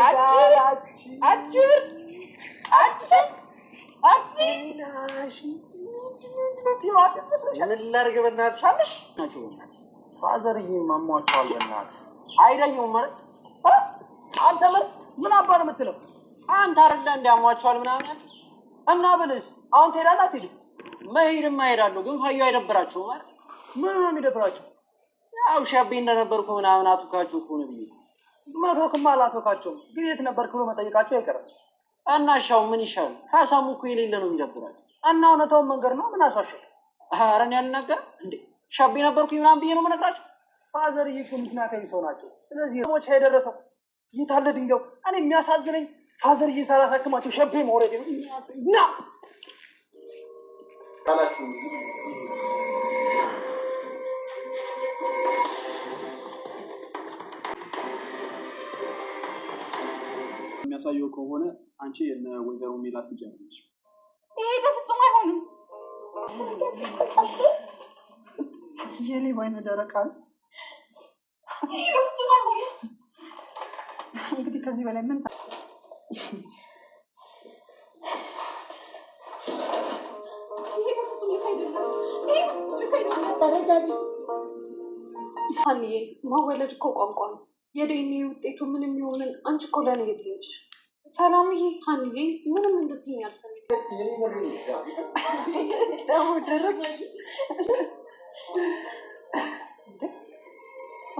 Açır. Açır. Açır. ምንላርግ በእናትሽ አለሽ ናቸው ፋዘርዬ ማሟቸዋል በእናትህ አይዳየውም ማለት አንተ ምን ምን አባ ነው የምትለው አንተ አረዳ እንዲያሟቸዋል ምናምን እና ብልስ አሁን ትሄዳለህ አትሄድም መሄድም አይሄዳለሁ ግን ፋዩ አይደብራችሁም ማለት ምን ነው የሚደብራችሁ ያው ሻቤ እንደነበርኩ ምናምን አቱካችሁ እኮ ነው ብዬ መቶክማ አላቶካቸውም፣ ግን የት ነበርክ ብሎ መጠየቃቸው አይቀርም። እናሻው ሻው ምን ይሻል? ካሳሙ እኮ የሌለ ነው የሚደብራቸው። እና እውነታውን መንገድ ነው ምን አሷሸ ረን ያልናገር እንዴ ሻቤ ነበርኩኝ ምናምን ብዬ ነው መነግራቸው። ፋዘር እኮ ምክንያታዊ ሰው ናቸው። ስለዚህ ሞች የደረሰው ይታለ ድንገው እኔ የሚያሳዝነኝ ፋዘር እዬ ሳላሳክማቸው ሸቤ መውረድ ና የሚያሳየው ከሆነ አንቺ የነ ወይዘሮ ሜላት ልጅ አለች። ይሄ በፍጹም አይሆንም። የሌባ አይነ ደረቃል። ይሄ በፍጹም አይሆንም። እንግዲህ ከዚህ በላይ ምን ይሄ ማወለድ እኮ ቋንቋ ነው። የዴኒ ውጤቱ ምን የሚሆንን አንቺ እኮ ለእኔ ልትይኝ ሰላምዬ፣ ሀንዬ ምንም እንድትኝ አልፈልግም።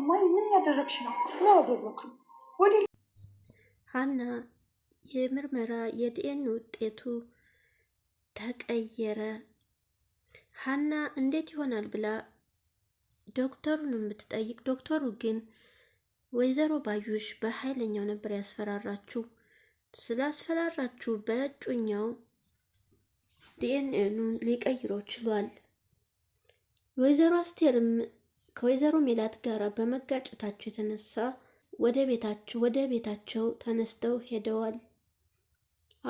እማዬ ምን ያደረግሽ ነው? ምን ወደ ሀና የምርመራ የዲኤን ውጤቱ ተቀየረ። ሀና እንዴት ይሆናል ብላ ዶክተሩን የምትጠይቅ ዶክተሩ ግን ወይዘሮ ባዩሽ በኃይለኛው ነበር ያስፈራራችሁ። ስላስፈራራችሁ በእጩኛው ዲኤንኤኑን ሊቀይረው ችሏል። ወይዘሮ አስቴርም ከወይዘሮ ሜላት ጋር በመጋጨታቸው የተነሳ ወደ ቤታቸው ወደ ቤታቸው ተነስተው ሄደዋል።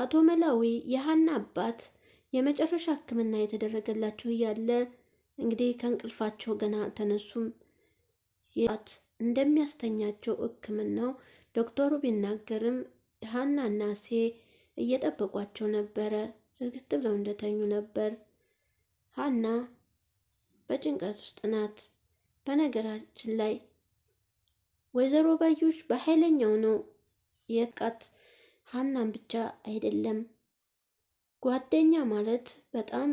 አቶ መላዊ የሀና አባት የመጨረሻ ሕክምና የተደረገላቸው እያለ እንግዲህ ከእንቅልፋቸው ገና ተነሱም። እንደሚያስተኛቸው ሕክምናው ዶክተሩ ቢናገርም ሀናና ሴ እየጠበቋቸው ነበረ። ዝርግት ብለው እንደተኙ ነበር። ሀና በጭንቀት ውስጥ ናት። በነገራችን ላይ ወይዘሮ ባዩሽ በኃይለኛው ነው የቃት ሀናን ብቻ አይደለም። ጓደኛ ማለት በጣም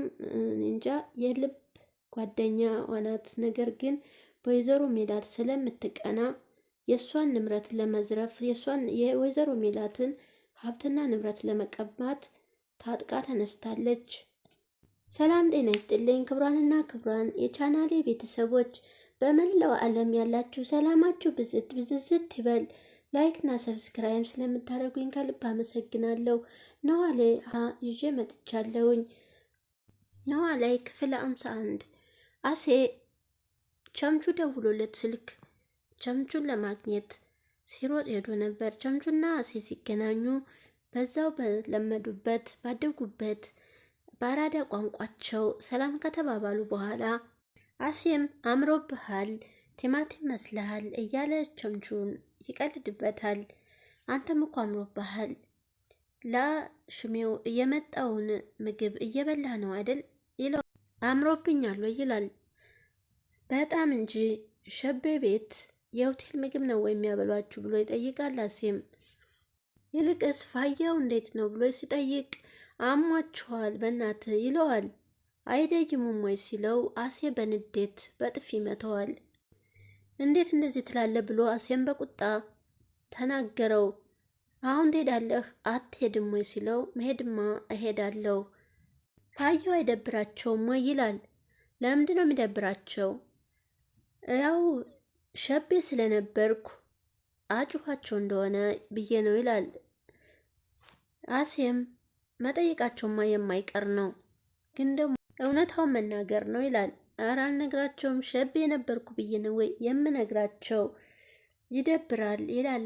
እንጃ የልብ ጓደኛ ዋናት ነገር ግን ወይዘሮ ሜላት ስለምትቀና የእሷን ንብረት ለመዝረፍ የእሷን የወይዘሮ ሜላትን ሀብትና ንብረት ለመቀማት ታጥቃ ተነስታለች። ሰላም ጤና ይስጥልኝ ክቡራንና ክቡራን የቻናሌ ቤተሰቦች በመላው ዓለም ያላችሁ ሰላማችሁ ብዝት ብዝዝት ይበል። ላይክና ሰብስክራይብ ስለምታደርጉኝ ከልብ አመሰግናለሁ። ነዋ ላይ ይዤ መጥቻለሁኝ። ነዋ ላይ ክፍል አምሳ አንድ አሴ ቸምቹ ደውሎለት ስልክ ቸምቹን ለማግኘት ሲሮጥ ሄዶ ነበር። ቸምቹና አሴ ሲገናኙ በዛው በለመዱበት ባደጉበት በአራዳ ቋንቋቸው ሰላም ከተባባሉ በኋላ አሴም አምሮብሃል፣ ቲማቲም መስልሃል እያለ ቸምቹን ይቀልድበታል። አንተም እኮ አምሮብሃል፣ ለሽሜው የመጣውን ምግብ እየበላ ነው አይደል? ይለው አምሮብኛል ይላል። በጣም እንጂ ሸቤ ቤት የሆቴል ምግብ ነው ወይ የሚያበሏችሁ ብሎ ይጠይቃል። አሴም ይልቅስ ፋያው እንዴት ነው ብሎ ሲጠይቅ አሟችኋል በእናት ይለዋል። አይደይሙም ወይ ሲለው አሴ በንዴት በጥፊ ይመተዋል። እንዴት እንደዚህ ትላለ ብሎ አሴም በቁጣ ተናገረው። አሁን ትሄዳለህ አትሄድም ወይ ሲለው መሄድማ እሄዳለሁ ፋያው አይደብራቸውም ወይ ይላል። ለምንድን ነው የሚደብራቸው ያው ሸቤ ስለነበርኩ አጩኋቸው እንደሆነ ብዬ ነው ይላል። አሴም መጠየቃቸውማ የማይቀር ነው፣ ግን ደግሞ እውነታውን መናገር ነው ይላል። ኧረ አልነግራቸውም ሸቤ የነበርኩ ብዬ ነው ወይ የምነግራቸው? ይደብራል ይላል።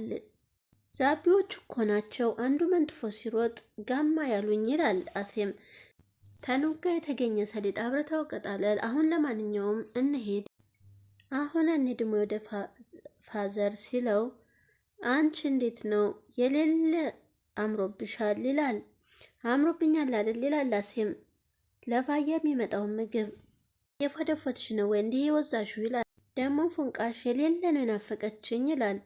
ዛቢዎች እኮ ናቸው አንዱ መንትፎ ሲሮጥ ጋማ ያሉኝ ይላል አሴም። ተኑጋ የተገኘ ሰሊጥ አብረታው ቀጣለል። አሁን ለማንኛውም እንሄድ አሁን እንሂድም ወደ ፋዘር ሲለው አንቺ እንዴት ነው የሌለ አምሮብሻል ይላል። አምሮብኛል አይደል ይላል አሴም። ለፋየ የሚመጣውን ምግብ የፈደፈትሽ ነው ወይ እንዲህ የወዛሹ ይላል። ደግሞ ፉንቃሽ የሌለ ነው የናፈቀችኝ ይላል።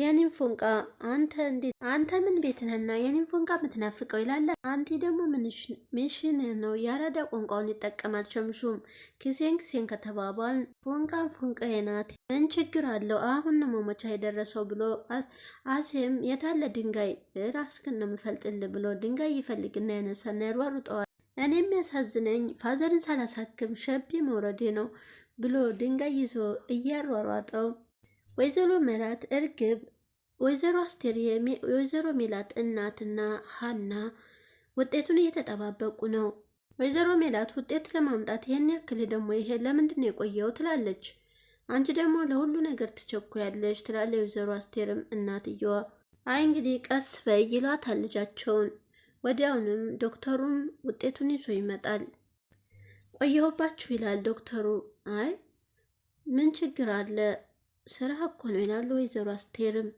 የኔም ፎንቃ አንተ እንዴት አንተ ምን ቤት ነህና የኔም ፎንቃ የምትናፍቀው ይላለ። አንቲ ደግሞ ምሽን ነው የአራዳ ቋንቋውን ይጠቀማል። ሸምሹም ኪሴን ኪሴን ከተባባል ፎንቃን ፎንቃዬ ናት፣ ምን ችግር አለው? አሁን ነው መሞቻ የደረሰው ብሎ አሴም የታለ ድንጋይ ራስክን ነው ምፈልጥል ብሎ ድንጋይ ይፈልግና ያነሳና ያሯሩጠዋል። እኔ የሚያሳዝነኝ ፋዘርን ሳላሳክም ሸቤ መውረዴ ነው ብሎ ድንጋይ ይዞ እያሯሯጠው ወይዘሮ ምራት እርግብ፣ ወይዘሮ አስቴር የወይዘሮ ሜላት እናትና ሀና ውጤቱን እየተጠባበቁ ነው። ወይዘሮ ሜላት ውጤት ለማምጣት ይህን ያክል ደግሞ ይሄ ለምንድን ነው የቆየው ትላለች። አንቺ ደግሞ ለሁሉ ነገር ትቸኩያለሽ ትላለ ወይዘሮ አስቴርም እናትየዋ። አይ እንግዲህ ቀስ በይ ይሏታል ልጃቸውን። ወዲያውንም ዶክተሩም ውጤቱን ይዞ ይመጣል። ቆየሁባችሁ ይላል ዶክተሩ። አይ ምን ችግር አለ ስራ እኮ ነው ይላሉ ወይዘሮ አስቴርም።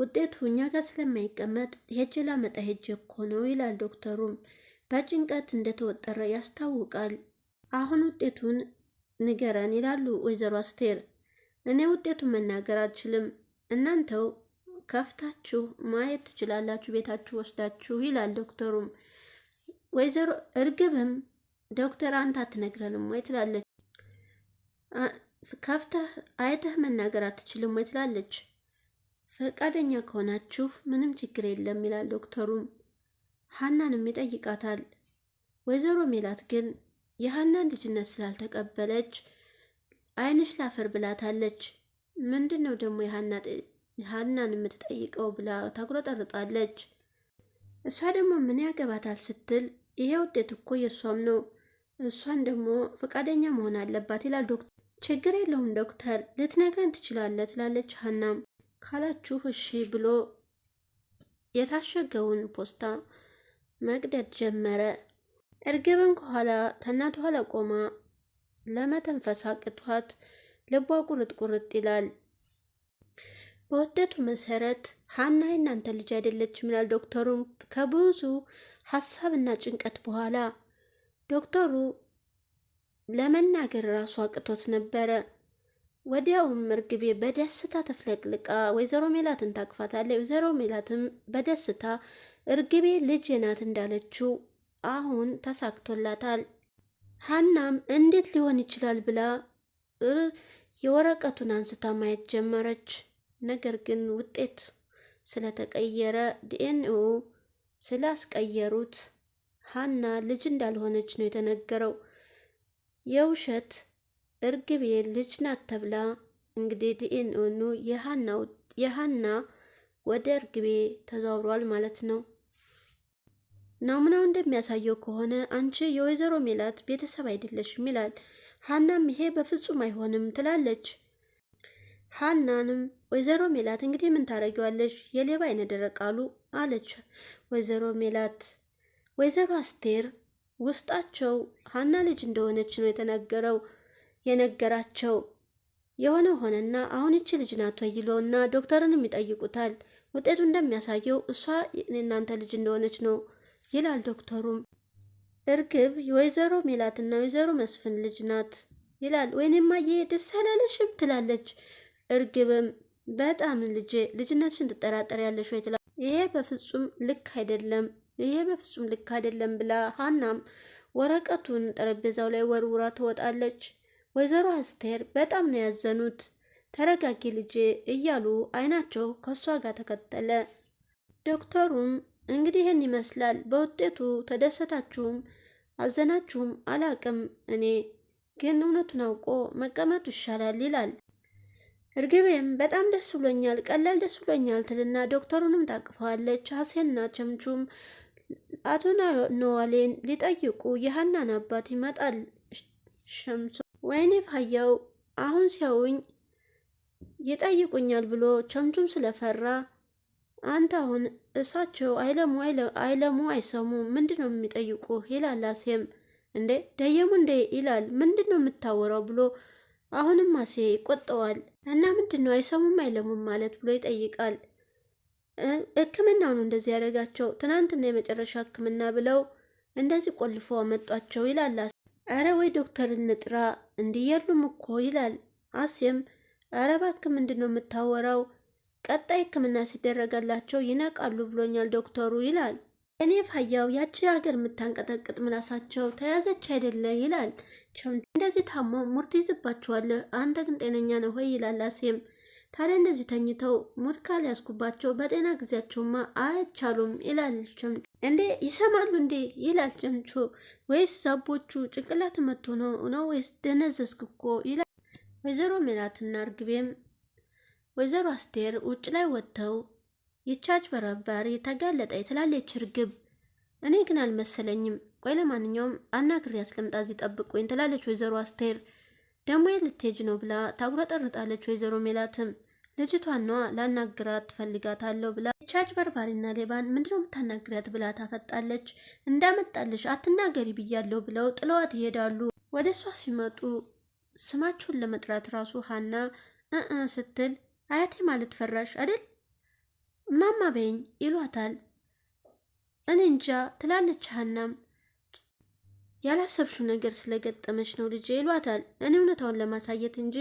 ውጤቱ እኛ ጋር ስለማይቀመጥ ሄጅ ላመጣ ሄጅ እኮ ነው ይላል ዶክተሩም። በጭንቀት እንደተወጠረ ያስታውቃል። አሁን ውጤቱን ንገረን ይላሉ ወይዘሮ አስቴር። እኔ ውጤቱን መናገር አልችልም፣ እናንተው ከፍታችሁ ማየት ትችላላችሁ ቤታችሁ ወስዳችሁ ይላል ዶክተሩም። ወይዘሮ እርግብም ዶክተር አንተ አትነግረንም ወይ ትላለች። ከፍተህ አይተህ መናገር አትችልም ወይ ትላለች። ፈቃደኛ ከሆናችሁ ምንም ችግር የለም ይላል ዶክተሩም። ሀናንም ይጠይቃታል። ወይዘሮ ሜላት ግን የሀናን ልጅነት ስላልተቀበለች አይንሽ ላፈር ብላታለች። ምንድን ነው ደግሞ ሀናን የምትጠይቀው ብላ ታጉረጠርጣለች። እሷ ደግሞ ምን ያገባታል ስትል ይሄ ውጤት እኮ የእሷም ነው፣ እሷን ደግሞ ፈቃደኛ መሆን አለባት ይላል ዶክተር ችግር የለውም ዶክተር ልትነግረን ትችላለህ ትላለች ሀናም። ካላችሁ እሺ ብሎ የታሸገውን ፖስታ መቅደድ ጀመረ። እርግብን ከኋላ ተናት ኋላ ቆማ ለመተንፈስ አቅቷት ልቧ ቁርጥ ቁርጥ ይላል። በወደቱ መሰረት ሀና የእናንተ ልጅ አይደለችም ይላል ዶክተሩም ከብዙ ሀሳብና ጭንቀት በኋላ ዶክተሩ ለመናገር ራሱ አቅቶት ነበረ። ወዲያውም እርግቤ በደስታ ተፍለቅልቃ ወይዘሮ ሜላትን ታቅፋታለች። ወይዘሮ ሜላትም በደስታ እርግቤ ልጅ ናት እንዳለችው አሁን ተሳክቶላታል። ሀናም እንዴት ሊሆን ይችላል ብላ የወረቀቱን አንስታ ማየት ጀመረች። ነገር ግን ውጤት ስለተቀየረ ዲኤንኤው ስላስቀየሩት ሀና ልጅ እንዳልሆነች ነው የተነገረው። የውሸት እርግቤ ልጅ ናት ተብላ እንግዲህ ዲኤንኤኑ የሀና ወደ እርግቤ ተዛውሯል ማለት ነው። ናሙናው እንደሚያሳየው ከሆነ አንቺ የወይዘሮ ሜላት ቤተሰብ አይደለሽም ይላል። ሀናም ይሄ በፍጹም አይሆንም ትላለች። ሀናንም ወይዘሮ ሜላት እንግዲህ ምን ታደርጊዋለሽ የሌባ አይነ ደረቅ አሉ አለች። ወይዘሮ ሜላት ወይዘሮ አስቴር ውስጣቸው ሀና ልጅ እንደሆነች ነው የተነገረው የነገራቸው። የሆነ ሆነና አሁን ይቺ ልጅ ናት ይለውና ዶክተርንም ይጠይቁታል። ውጤቱ እንደሚያሳየው እሷ የእናንተ ልጅ እንደሆነች ነው ይላል ዶክተሩም። እርግብ የወይዘሮ ሜላትና ወይዘሮ መስፍን ልጅ ናት ይላል። ወይኔማ ደስ አላለሽም ትላለች። እርግብም በጣም ልጄ ልጅነትሽን ያለሽ ወይ ትላል። ይሄ በፍጹም ልክ አይደለም ይሄ በፍጹም ልክ አይደለም ብላ ሀናም ወረቀቱን ጠረጴዛው ላይ ወርውራ ትወጣለች። ወይዘሮ አስቴር በጣም ነው ያዘኑት። ተረጋጊ ልጄ እያሉ አይናቸው ከእሷ ጋር ተከተለ። ዶክተሩም እንግዲህ ይህን ይመስላል። በውጤቱ ተደሰታችሁም አዘናችሁም አላቅም። እኔ ግን እውነቱን አውቆ መቀመጡ ይሻላል ይላል። እርግቤም በጣም ደስ ብሎኛል፣ ቀላል ደስ ብሎኛል ትልና ዶክተሩንም ታቅፈዋለች። ሀሴና ቸምቹም አቶ ነዋሌን ሊጠይቁ የሀናን አባት ይመጣል ሸምሶ። ወይኔ ፋያው አሁን ሲያውኝ ይጠይቁኛል ብሎ ቸምቹም ስለፈራ አንተ አሁን እሳቸው አይለሙ አይለሙ አይሰሙ ምንድን ነው የሚጠይቁ ይላል። አሴም እንዴ ደየሙ እንዴ ይላል። ምንድን ነው የምታወራው ብሎ አሁንም አሴ ይቆጠዋል። እና ምንድን ነው አይሰሙም አይለሙም ማለት ብሎ ይጠይቃል። ሕክምናው ነው እንደዚህ ያደረጋቸው። ትናንትና የመጨረሻ ህክምና ብለው እንደዚህ ቆልፎ አመጧቸው ይላል። አረ ወይ ዶክተር እንጥራ እንዲህ የሉም እኮ ይላል። አሴም አረ እባክህ ምንድን ነው የምታወራው? ቀጣይ ህክምና ሲደረገላቸው ይነቃሉ ብሎኛል ዶክተሩ ይላል። እኔ ፋያው ያቺ ሀገር የምታንቀጠቅጥ ምላሳቸው ተያዘች አይደለ ይላል። እንደዚህ ታሞ ሙርት ይዝባቸዋል አንተ ግን ጤነኛ ነው ወይ ይላል አሴም ታዲያ እንደዚህ ተኝተው ሙድ ካልያዝኩባቸው በጤና ጊዜያቸውማ አይቻሉም ይላል ጨምጮ። እንዴ ይሰማሉ እንዴ ይላል ጨምጮ። ወይስ ዛቦቹ ጭንቅላት መቶ ነው ነው ወይስ ደነዘዝክ እኮ ይላል። ወይዘሮ ሜላትና እርግቤም ወይዘሮ አስቴር ውጭ ላይ ወጥተው ይቻች በረባሪ ተጋለጠ ትላለች እርግብ። እኔ ግን አልመሰለኝም። ቆይ ለማንኛውም አናግሬያት ልምጣ፣ እዚህ ጠብቁኝ ትላለች ወይዘሮ አስቴር። ደግሞ ልትሄጅ ነው ብላ ታጉረጠርጣለች። ወይዘሮ ሜላትም ልጅቷን ነዋ ላናግራት ትፈልጋታለሁ ብላ ቻጅ በርባሪና ሌባን ምንድነው የምታናግሪያት ብላ ታፈጣለች። እንዳመጣልሽ አትናገሪ ብያለሁ ብለው ጥለዋት ይሄዳሉ። ወደ እሷ ሲመጡ ስማችሁን ለመጥራት ራሱ ሀና እ ስትል አያቴ ማለት ፈራሽ አይደል እማማ በይኝ ይሏታል። እኔ እንጃ ትላለች ሀናም ያላሰብሽው ነገር ስለገጠመች ነው ልጄ ይሏታል። እኔ እውነታውን ለማሳየት እንጂ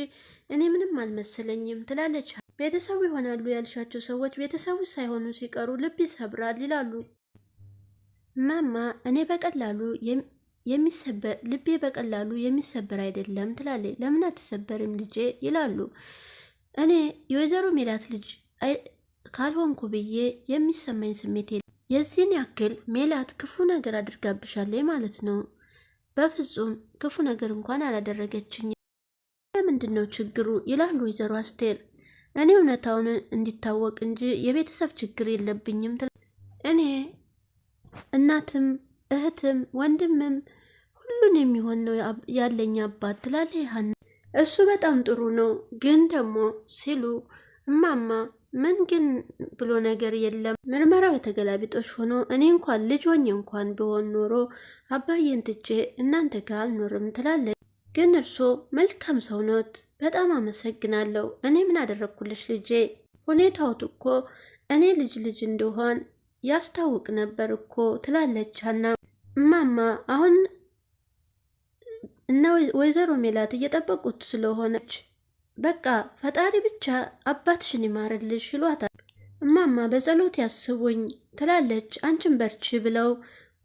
እኔ ምንም አልመሰለኝም ትላለች። ቤተሰቡ ይሆናሉ ያልሻቸው ሰዎች ቤተሰቡ ሳይሆኑ ሲቀሩ ልብ ይሰብራል ይላሉ። ማማ እኔ በቀላሉ የሚሰበር ልቤ በቀላሉ የሚሰበር አይደለም ትላለች። ለምን አትሰበርም ልጄ ይላሉ። እኔ የወይዘሮ ሜላት ልጅ ካልሆንኩ ብዬ የሚሰማኝ ስሜት የዚህን ያክል ሜላት ክፉ ነገር አድርጋብሻለች ማለት ነው። በፍጹም ክፉ ነገር እንኳን አላደረገችኝም። ምንድን ነው ችግሩ? ይላሉ ወይዘሮ አስቴር። እኔ እውነታውን እንዲታወቅ እንጂ የቤተሰብ ችግር የለብኝም። እኔ እናትም እህትም ወንድምም ሁሉን የሚሆን ነው ያለኝ አባት ትላለ ሀና። እሱ በጣም ጥሩ ነው ግን ደግሞ ሲሉ እማማ ምን ግን ብሎ ነገር የለም። ምርመራው የተገላቢጦች ሆኖ እኔ እንኳን ልጅ ሆኜ እንኳን ብሆን ኖሮ አባዬን ትቼ እናንተ ጋር አልኖርም ትላለች። ግን እርሶ መልካም ሰው ኖት፣ በጣም አመሰግናለሁ። እኔ ምን አደረግኩልሽ ልጄ? ሁኔታውት እኮ እኔ ልጅ ልጅ እንደሆን ያስታውቅ ነበር እኮ ትላለች ሀና። እማማ አሁን እነ ወይዘሮ ሜላት እየጠበቁት ስለሆነች በቃ ፈጣሪ ብቻ አባትሽን ይማርልሽ ይሏታል። እማማ በጸሎት ያስቡኝ ትላለች። አንቺን በርቺ ብለው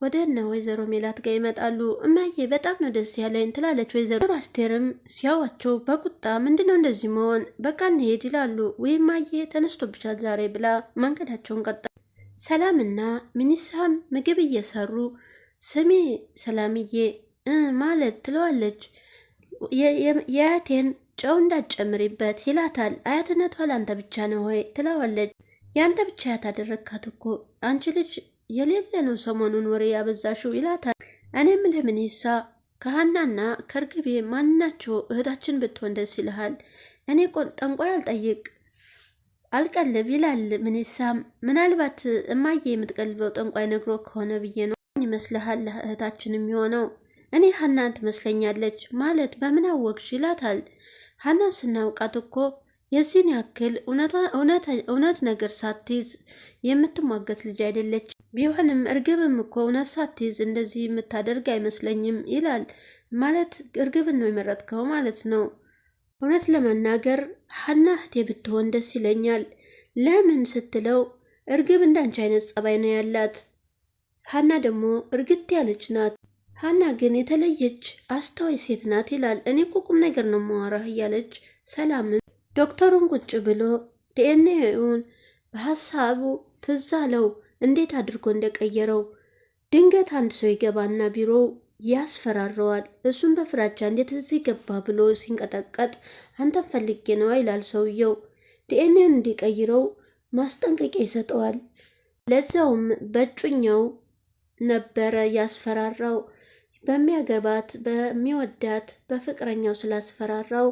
ወደ እነ ወይዘሮ ሜላት ጋር ይመጣሉ። እማዬ በጣም ነው ደስ ያለኝ ትላለች። ወይዘሮ አስቴርም ሲያዋቸው በቁጣ ምንድነው እንደዚህ መሆን በቃ እንሄድ ይላሉ። ወይ እማዬ ተነስቶብሻል ዛሬ ብላ መንገዳቸውን ቀጣ። ሰላምና ሚኒሳም ምግብ እየሰሩ ስሜ ሰላምዬ ማለት ትለዋለች የያቴን ጨው እንዳትጨምሪበት ይላታል። አያትነቷ ለአንተ ብቻ ነው ወይ ትለዋለች። የአንተ ብቻ ያታደረግካት እኮ አንቺ ልጅ የሌለ ነው ሰሞኑን ወሬ ያበዛሽው ይላታል። እኔ ምልህ ይሳ ከሀናና ከእርግቤ ማናቸው እህታችን ብትሆን ደስ ይልሃል? እኔ ጠንቋይ አልጠይቅ አልቀልብ ይላል ምኒሳም። ምናልባት እማዬ የምትቀልበው ጠንቋይ ነግሮ ከሆነ ብዬ ነው ይመስልሃል እህታችን የሚሆነው? እኔ ሀናን ትመስለኛለች ማለት በምን አወቅሽ? ይላታል ሀናን ስናውቃት እኮ የዚህን ያክል እውነት ነገር ሳትይዝ የምትሟገት ልጅ አይደለች። ቢሆንም እርግብም እኮ እውነት ሳትይዝ እንደዚህ የምታደርግ አይመስለኝም ይላል። ማለት እርግብን ነው የመረጥከው ማለት ነው። እውነት ለመናገር ሀና እህቴ ብትሆን ደስ ይለኛል። ለምን ስትለው እርግብ እንዳንቺ አይነት ጸባይ ነው ያላት። ሀና ደግሞ እርግት ያለች ናት። ሀና ግን የተለየች አስተዋይ ሴት ናት ይላል። እኔ እኮ ቁም ነገር ነው ማዋራህ እያለች ሰላምን ዶክተሩን ቁጭ ብሎ ዲኤንኤውን በሀሳቡ ትዝ አለው እንዴት አድርጎ እንደቀየረው። ድንገት አንድ ሰው ይገባና ቢሮው ያስፈራረዋል። እሱም በፍራቻ እንዴት እዚህ ገባ ብሎ ሲንቀጠቀጥ አንተን ፈልጌ ነው ይላል ሰውየው። ዲኤንኤውን እንዲቀይረው ማስጠንቀቂያ ይሰጠዋል። ለዛውም በእጩኛው ነበረ ያስፈራራው። በሚያገባት በሚወዳት በፍቅረኛው ስላስፈራራው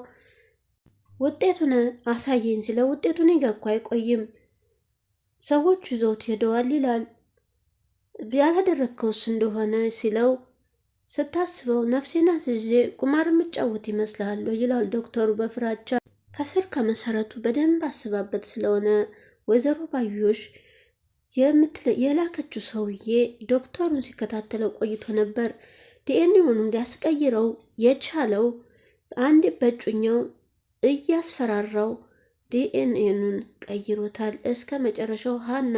ውጤቱን አሳየኝ ሲለው ውጤቱን ይገኳ አይቆይም ሰዎቹ ይዞት ሄደዋል ይላል። ያላደረግከውስ እንደሆነ ሲለው ስታስበው ነፍሴን አስይዤ ቁማር የምጫወት ይመስልሃል ይላል ዶክተሩ በፍራቻ ከስር ከመሰረቱ በደንብ አስባበት ስለሆነ ወይዘሮ ባዮሽ የላከችው ሰውዬ ዶክተሩን ሲከታተለው ቆይቶ ነበር። ዲኤንኤውን እንዲያስቀይረው የቻለው አንድ በእጩኛው እያስፈራራው ዲኤንኤኑን ቀይሮታል። እስከ መጨረሻው ሀና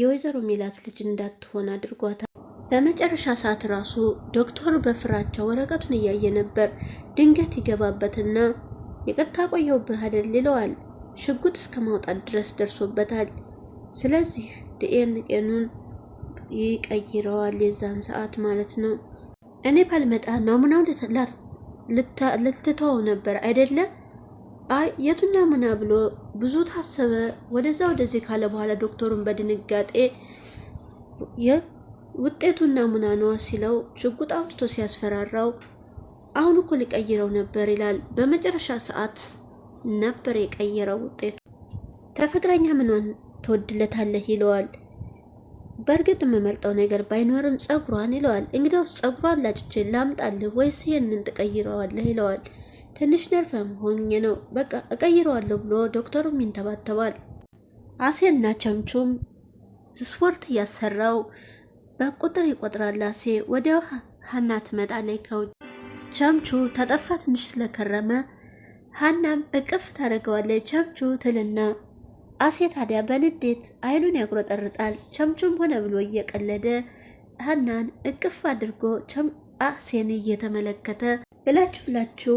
የወይዘሮ ሚላት ልጅ እንዳትሆን አድርጓታል። በመጨረሻ ሰዓት ራሱ ዶክተሩ በፍራቻ ወረቀቱን እያየ ነበር። ድንገት ይገባበትና ይቅርታ ቆየሁብህ አይደል ይለዋል። ሽጉጥ እስከ ማውጣት ድረስ ደርሶበታል። ስለዚህ ዲኤንኤኑን ይቀይረዋል የዛን ሰዓት ማለት ነው። እኔ ባልመጣ ናሙናው ልትተው ነበር አይደለ? አይ የቱ ናሙና ብሎ ብዙ ታሰበ፣ ወደዛ ወደዚህ ካለ በኋላ ዶክተሩን በድንጋጤ ውጤቱን ናሙና ነዋ ሲለው ሽጉጥ አውጥቶ ሲያስፈራራው አሁን እኮ ሊቀይረው ነበር ይላል። በመጨረሻ ሰዓት ነበር የቀየረው ውጤቱ። ተፈቅረኛ ምኗን ትወድለታለህ ይለዋል። በእርግጥ የምመርጠው ነገር ባይኖርም ጸጉሯን ይለዋል። እንግዲያውስ ጸጉሯን ላጭቼ ላምጣልህ ወይስ ይህንን ትቀይረዋለህ ይለዋል። ትንሽ ነርፈም ሆኜ ነው በቃ እቀይረዋለሁ ብሎ ዶክተሩም ይንተባተባል። አሴና ቸምቹም ስፖርት እያሰራው በቁጥር ይቆጥራል። አሴ ወዲያው ሀና ትመጣለች ከውጭ። ቸምቹ ተጠፋ ትንሽ ስለከረመ ሀናም እቅፍ ታደርገዋለች። ቸምቹ ትልና አሴ ታዲያ በንዴት አይኑን ያቁረጠርጣል? ቸምቹም ሆነ ብሎ እየቀለደ ሀናን እቅፍ አድርጎ አሴን እየተመለከተ ብላችሁ ብላችሁ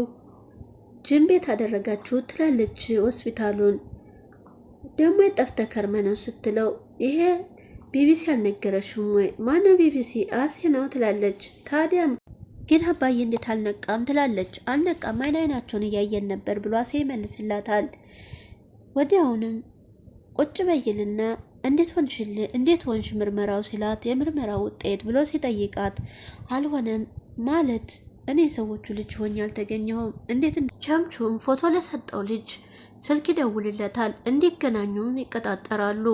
ጅም ቤት አደረጋችሁ ትላለች። ሆስፒታሉን ደግሞ የጠፍተ ከርመ ነው ስትለው ይሄ ቢቢሲ አልነገረሽም ወይ? ማነው ቢቢሲ? አሴ ነው ትላለች። ታዲያም ግን አባዬ እንዴት አልነቃም ትላለች። አልነቃም አይን አይናቸውን እያየን ነበር ብሎ አሴ ይመልስላታል። ወዲያውንም ቁጭ በይልና እንዴት ሆንሽል እንዴት ሆንሽ ምርመራው ሲላት የምርመራ ውጤት ብሎ ሲጠይቃት አልሆነም ማለት እኔ የሰዎቹ ልጅ ሆኜ አልተገኘሁም። እንዴት ቸምቹም ፎቶ ለሰጠው ልጅ ስልክ ይደውልለታል። እንዲገናኙም ይቀጣጠራሉ።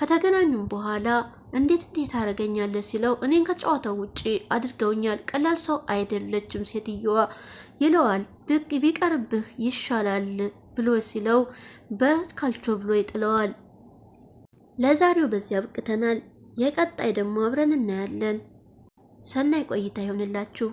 ከተገናኙም በኋላ እንዴት እንዴት አደረገኛለህ ሲለው እኔን ከጨዋታው ውጪ አድርገውኛል፣ ቀላል ሰው አይደለችም ሴትየዋ ይለዋል። ቢቀርብህ ይሻላል ብሎ ሲለው በካልቾ ብሎ ይጥለዋል። ለዛሬው በዚያ አብቅተናል። የቀጣይ ደግሞ አብረን እናያለን። ሰናይ ቆይታ ይሆንላችሁ።